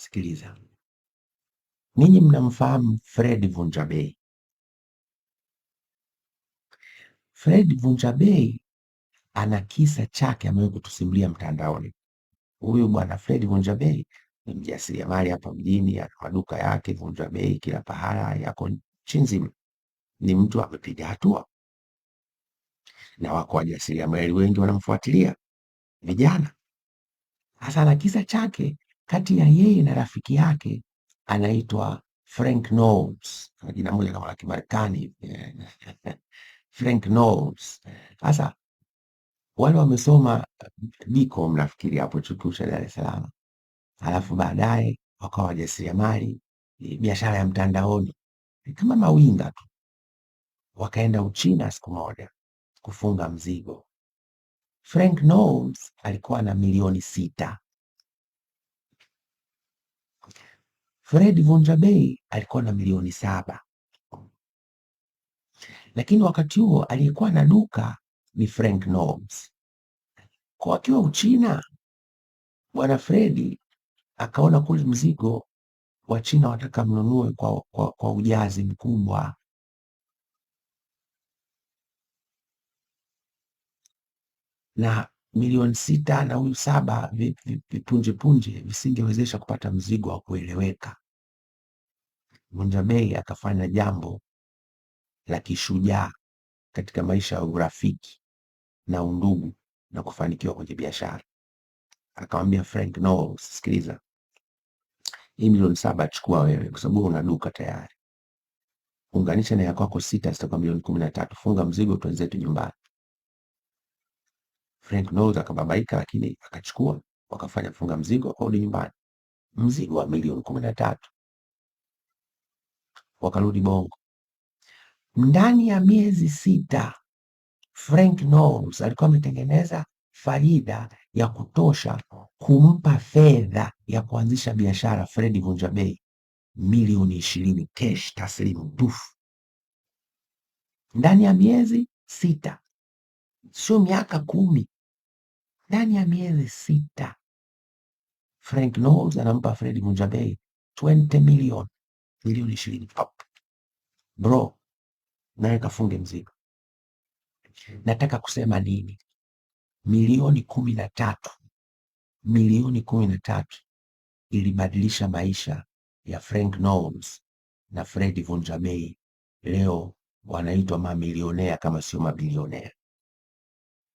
Sikiliza, ninyi mnamfahamu Fred Vunjabei. Fred Vunjabei ana kisa chake, amewahi kutusimulia mtandaoni. Huyu bwana Fred Vunjabei ni mjasiriamali hapa mjini, ana maduka yake Vunjabei kila pahala, yako nchi nzima. Ni mtu amepiga hatua na wako wajasiriamali wengi wanamfuatilia vijana. Hasa na kisa chake kati ya yeye na rafiki yake anaitwa Frank Knowles, jina moja kama la Kimarekani Frank Knowles. Sasa wale wamesoma BCom nafikiri hapo chuo kikuu cha Dar es Salaam, halafu baadaye wakawa wajasiriamali, e, biashara ya mtandaoni e, kama mawinga tu, wakaenda Uchina siku moja kufunga mzigo. Frank Knowles alikuwa na milioni sita Fred Vonja bei alikuwa na milioni saba, lakini wakati huo aliyekuwa na duka ni Frank Nobs. Kwa wakiwa Uchina, bwana Fredi akaona kule mzigo wa china wataka mnunue kwa, kwa, kwa ujazi mkubwa. Na milioni sita na huyu saba vipunjepunje visingewezesha kupata mzigo wa kueleweka. Mvunja bei akafanya jambo la kishujaa katika maisha ya urafiki na undugu na kufanikiwa kwenye biashara. Akamwambia Frank, no, sikiliza, hii milioni saba achukua wewe, kwa sababu una duka tayari, unganisha na ya kwako sita, zitakuwa milioni kumi na tatu. Funga mzigo tuenzetu nyumbani. Frank Knowles akababaika, lakini akachukua, wakafanya funga mzigo, akarudi nyumbani, mzigo wa milioni kumi na tatu wakarudi Bongo. Ndani ya miezi sita Frank Norms alikuwa ametengeneza faida ya kutosha kumpa fedha ya kuanzisha biashara Fredi Vunjabei milioni ishirini cash taslimu dufu ndani ya miezi sita, sio miaka kumi. Ndani ya miezi sita Frank Knowles anampa Vunja Vunjabei 20 milioni milioni ishirini bro, nawe kafunge mzigo. Nataka kusema nini? Milioni kumi na tatu milioni kumi na tatu ilibadilisha maisha ya Frank Norms na Fred Vonjamei. leo wanaitwa mamilionea kama sio mabilionea.